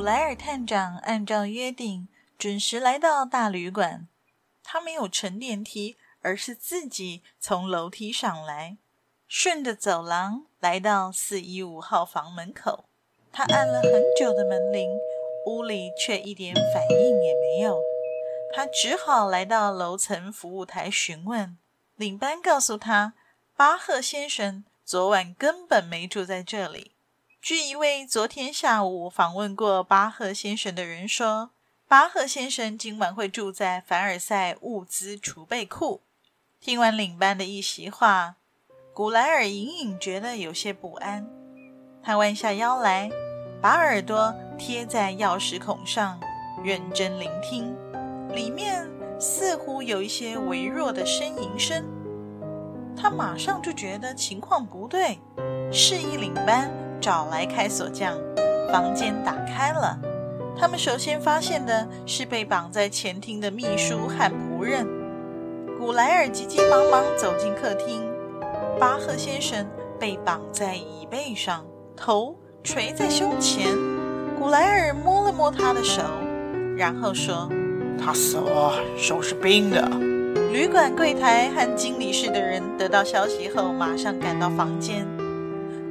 布萊爾探長按照約定準時來到大旅館。他沒有乘電梯，而是自己從樓梯上來，順着走廊來到四一五號房門口。他按了很久的門鈴，屋裡卻一點反應也沒有。他只好來到樓層服務台詢問，領班告訴他，巴赫先生昨晚根本沒住在這裡。據一位昨天下午訪問過巴赫先生的人說，巴赫先生今晚會住在凡爾賽物資儲備庫。聽完領班的一席話，古萊爾隱隱覺得有些不安。他彎下腰來，把耳朵貼在鑰匙孔上，認真聆聽。裡面似乎有一些微弱的呻吟聲。他馬上就覺得情況不對，示意領班。找來開鎖匠，房間打開了。他們首先發現的是被綁在前廳的秘書和僕人。古萊爾急急忙忙走進客廳，巴赫先生被綁在椅背上，頭垂在胸前。古萊爾摸了摸他的手，然後說：“他死了，手是冰的。”旅館櫃檯和經理室的人得到消息後，馬上趕到房間。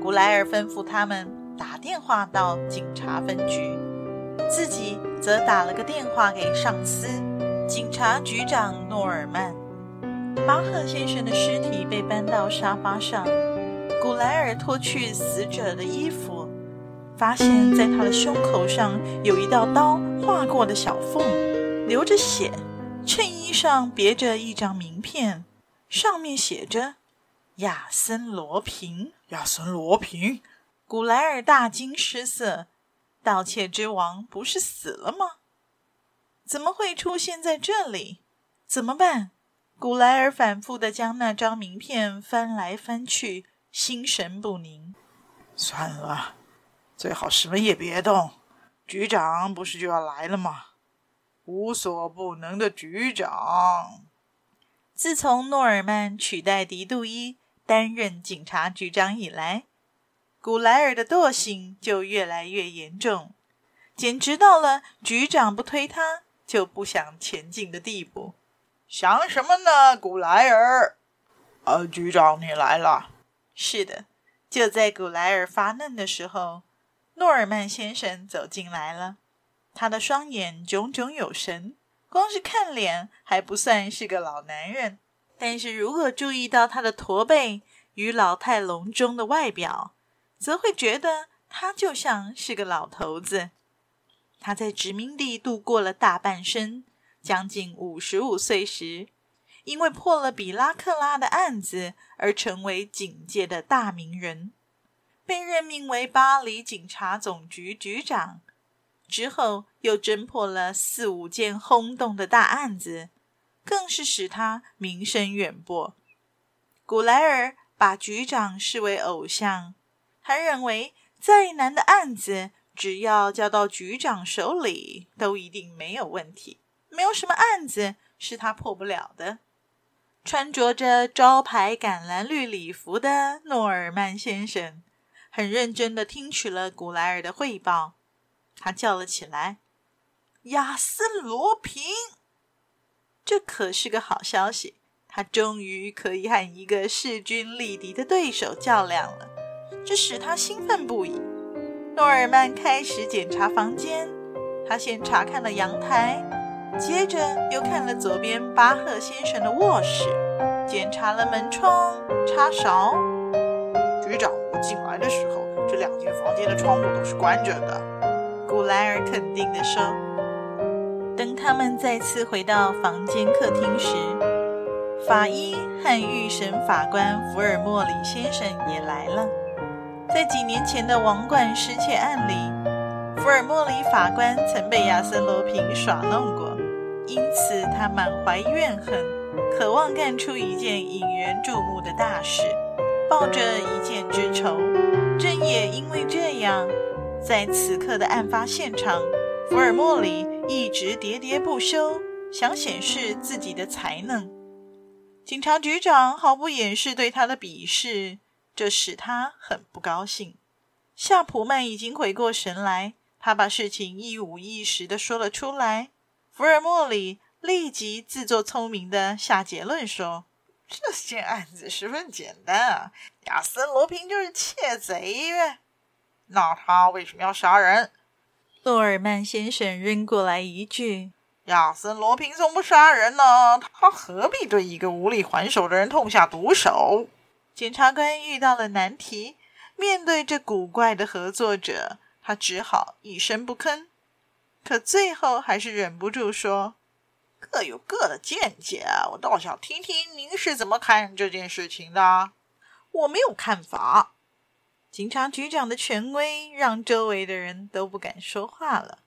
古萊爾吩咐他們打電話到警察分局，自己則打了個電話給上司——警察局長諾爾曼。巴赫先生的屍體被搬到沙發上，古萊爾脫去死者的衣服，發現在他的胸口上有一道刀劃過的小縫，流着血。襯衣上別着一張名片，上面寫着。亞森·羅蘋，亞森·羅蘋，古萊爾大驚失色。盜竊之王不是死了嗎？怎麼會出現在這裡？怎麼辦？古萊爾反復的將那張名片翻來翻去，心神不寧。算了，最好什麼也別動。局長不是就要來了嗎？無所不能的局長。自從諾爾曼取代迪杜伊，擔任警察局長以來，古萊爾的惰性就越來越嚴重，簡直到了局長不推他就不想前進的地步。想什麼呢，古萊爾？呃，局長，你來了。是的，就在古萊爾發愣的時候，諾爾曼先生走進來了。他的雙眼炯炯有神，光是看臉還不算是個老男人。但是如果注意到他的駝背與老態龍鍾的外表，則會覺得他就像是個老頭子。他在殖民地度過了大半生，將近五十五歲時，因為破了比拉克拉的案子而成為警界的大名人，被任命為巴黎警察總局局長，之後又偵破了四五件轟動的大案子。更是使他名聲遠播。古萊爾把局長視為偶像，他認為再難的案子，只要交到局長手裡，都一定沒有問題，沒有什麼案子是他破不了的。穿着着招牌橄欖綠禮服的諾爾曼先生，很認真的聽取了古萊爾的匯報，他叫了起來：“亞森羅蘋。”這可是個好消息，他終於可以和一個勢均力敵的對手較量了，這使他興奮不已。諾爾曼開始檢查房間，他先查看了陽台，接着又看了左邊巴赫先生的臥室，檢查了門窗、插勺。局長，我進來的時候，這兩間房間的窗戶都是關着的。古萊爾肯定地說。他們再次回到房間、客廳時，法醫和預審法官福爾莫里先生也來了。在幾年前的王冠失竊案裡，福爾莫里法官曾被亞森·羅平耍弄過，因此他滿懷怨恨，渴望幹出一件引人注目的大事，抱着一箭之仇。正也因為這樣，在此刻的案發現場，福爾莫里。一直喋喋不休，想顯示自己的才能。警察局長毫不掩飾對他的鄙視，這使他很不高興。夏普曼已經回過神來，他把事情一五一十的說了出來。福爾莫里立即自作聰明的下結論說：“這件案子十分簡單，啊，亞森·羅平就是竊賊唄。那他為什麼要殺人？”諾爾曼先生扔過來一句：“亞森·羅蘋從不殺人呢，他何必對一個無力還手的人痛下毒手？”檢察官遇到了難題，面對這古怪的合作者，他只好一聲不吭。可最後還是忍不住說：“各有各的見解，我倒想聽聽您是怎麼看這件事情的。”“我沒有看法。”警察局長的權威讓周圍的人都不敢說話了。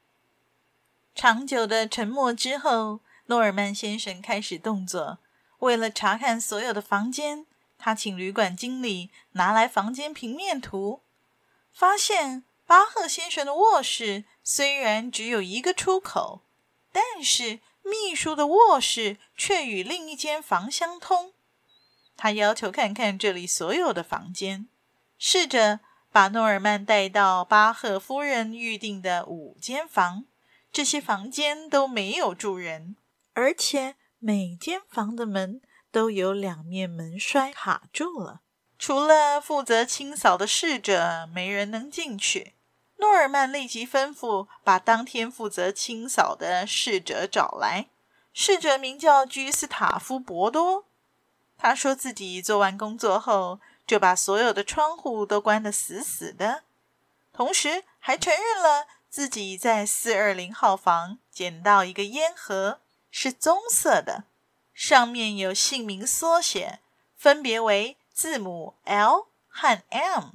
長久的沉默之後，諾爾曼先生開始動作。為了查看所有的房間，他請旅館經理拿來房間平面圖。發現巴赫先生的臥室雖然只有一個出口，但是秘書的臥室卻與另一間房相通。他要求看看這裡所有的房間。侍者把諾爾曼帶到巴赫夫人預訂的五間房，這些房間都沒有住人，而且每間房的門都有兩面門閂卡住了，除了負責清掃的侍者，沒人能進去。諾爾曼立即吩咐把當天負責清掃的侍者找來。侍者名叫居斯塔夫·博多，他說自己做完工作後，就把所有的窗戶都關得死死的，同時還承認了自己在四二零號房撿到一個煙盒，是棕色的，上面有姓名縮寫，分別為字母 L 和 M，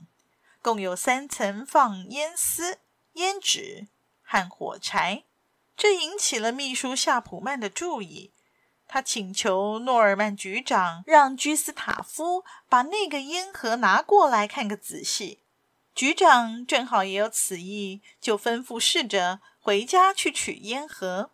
共有三層放煙絲、煙紙和火柴，這引起了秘書夏普曼的注意。他請求諾爾曼局長讓居斯塔夫把那個煙盒拿過來看個仔細。局長正好也有此意，就吩咐侍者回家去取煙盒。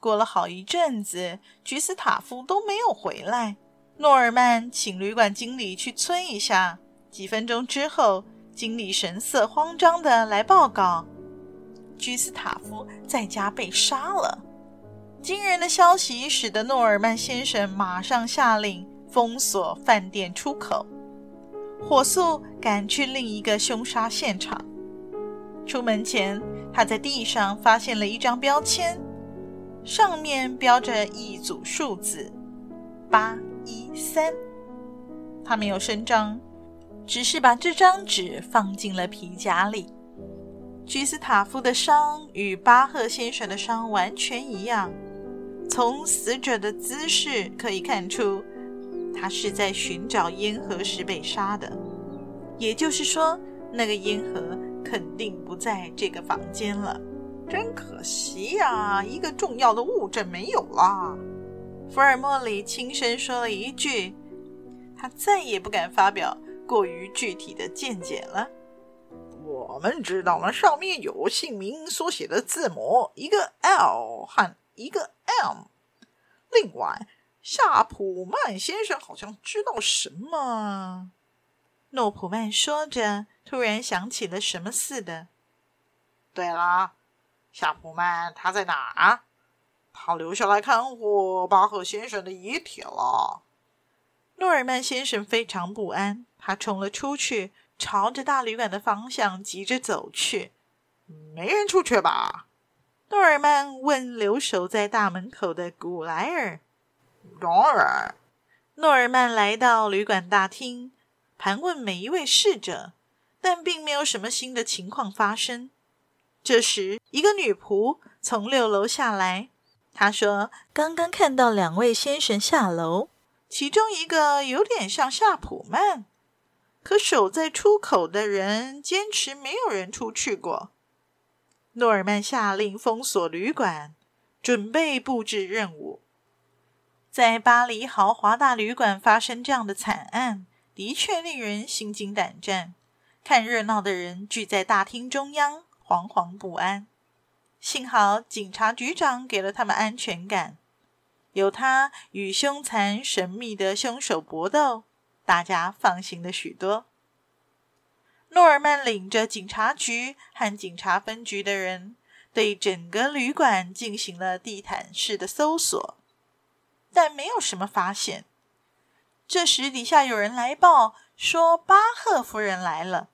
過了好一陣子，居斯塔夫都沒有回來。諾爾曼請旅館經理去催一下。幾分鐘之後，經理神色慌張地來報告：居斯塔夫在家被殺了。驚人的消息使得諾爾曼先生馬上下令封鎖飯店出口，火速趕去另一個兇殺現場。出門前，他在地上發現了一張標籤，上面標着一組數字：八一三。他沒有聲張，只是把這張紙放進了皮夾裡。居斯塔夫的傷與巴赫先生的傷完全一樣。從死者的姿勢可以看出，他是在尋找煙盒時被殺的。也就是說，那個煙盒肯定不在這個房間了。真可惜呀、啊，一個重要的物證沒有啦。福爾摩里輕聲說了一句：“他再也不敢發表過於具體的見解了。”我們知道了，上面有姓名縮寫的字母，一個 L 和。一個 M。另外，夏普曼先生好像知道什麼。諾普曼說着，突然想起了什麼似的。對了，夏普曼他在哪？他留下來看護巴赫先生的遺體了。諾爾曼先生非常不安，他衝了出去，朝着大旅館的方向急着走去。沒人出去吧？諾爾曼問留守在大門口的古萊爾：“當然。”諾爾曼來到旅館大廳，盤問每一位侍者，但並沒有什麼新的情況發生。這時，一個女僕從六樓下來，她說：“剛剛看到兩位先生下樓，其中一個有點像夏普曼，可守在出口的人堅持沒有人出去過。”諾爾曼下令封鎖旅館，準備布置任務。在巴黎豪華大旅館發生這樣的慘案，的確令人心驚膽戰。看熱鬧的人聚在大廳中央，惶惶不安。幸好警察局長給了他們安全感，有他與兇殘神秘的兇手搏鬥，大家放心了許多。諾爾曼領着警察局和警察分局的人，對整個旅館進行了地毯式的搜索，但沒有什麼發現。這時，底下有人來報說巴赫夫人來了。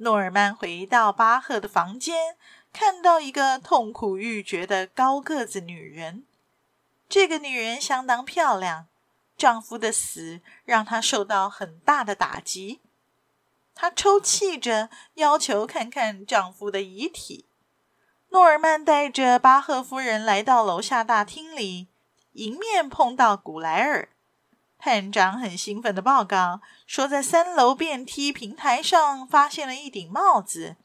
諾爾曼回到巴赫的房間，看到一個痛苦欲絕的高個子女人。這個女人相當漂亮，丈夫的死讓她受到很大的打擊。她抽泣着，要求看看丈夫的遺體。諾爾曼帶着巴赫夫人來到樓下大廳裡，迎面碰到古萊爾探長，很興奮的報告說，在三樓電梯平台上發現了一頂帽子，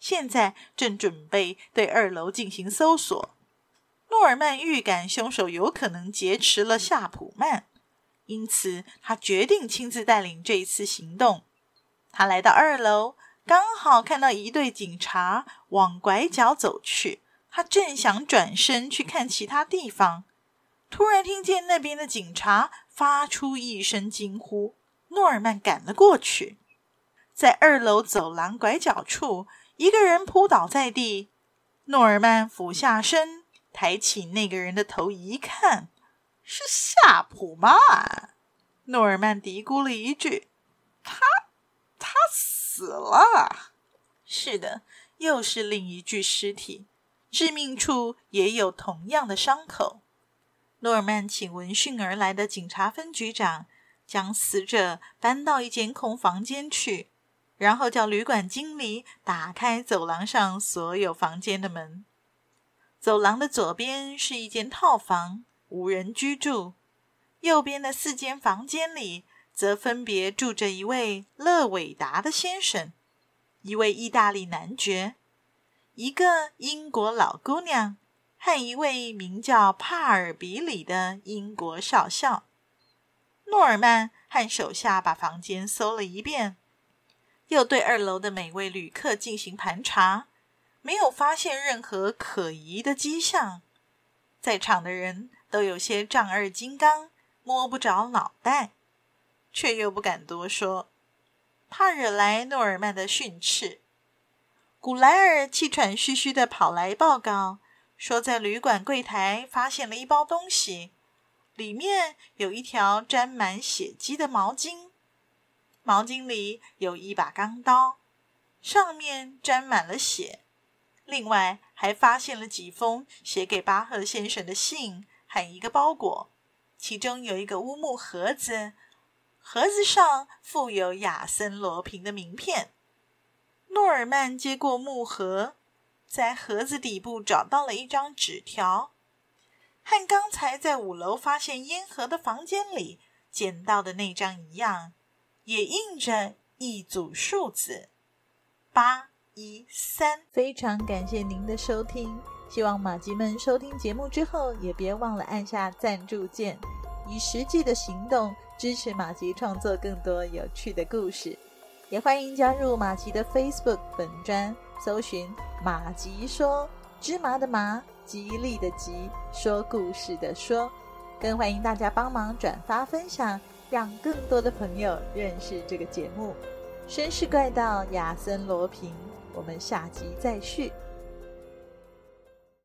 現在正準備對二樓進行搜索。諾爾曼預感凶手有可能劫持了夏普曼，因此他決定親自帶領這一次行動。他來到二樓，剛好看到一隊警察往拐角走去。他正想轉身去看其他地方，突然聽見那邊的警察發出一聲驚呼。諾爾曼趕了過去，在二樓走廊拐角處，一個人撲倒在地。諾爾曼俯下身，抬起那個人的頭一看，是夏普曼啊。諾爾曼嘀咕了一句：“他。”他死了。是的，又是另一具屍體，致命處也有同樣的傷口。諾爾曼請聞訊而來的警察分局長將死者搬到一間空房間去，然後叫旅館經理打開走廊上所有房間的門。走廊的左邊是一間套房，無人居住，右邊的四間房間裡。則分別住着一位勒韋達的先生，一位意大利男爵，一個英國老姑娘，和一位名叫帕爾比里的英國少校。諾爾曼和手下把房間搜了一遍，又對二樓的每位旅客進行盤查，沒有發現任何可疑的跡象。在場的人都有些丈二金剛，摸不着腦袋。卻又不敢多說，怕惹來諾爾曼的訓斥。古萊爾氣喘吁吁的跑來報告，說在旅館櫃檯發現了一包東西，裡面有一條沾滿血跡的毛巾，毛巾裡有一把鋼刀，上面沾滿了血。另外還發現了幾封寫給巴赫先生的信和一個包裹，其中有一個烏木盒子。盒子上附有亞森·羅蘋的名片。諾爾曼接過木盒，在盒子底部找到了一張紙條，和剛才在五樓發現煙盒的房間裡撿到的那張一樣，也印着一組數字：八一三。非常感謝您的收聽，希望馬吉們收聽節目之後也別忘了按下贊助鍵，以實際的行動。支持麻吉創作更多有趣的故事，也歡迎加入麻吉的 Facebook 本專，搜尋“麻吉說，芝麻的麻、吉利的吉、說故事的說”，更歡迎大家幫忙轉發分享，讓更多的朋友認識這個節目。紳士怪盜亞森羅蘋，我們下集再續。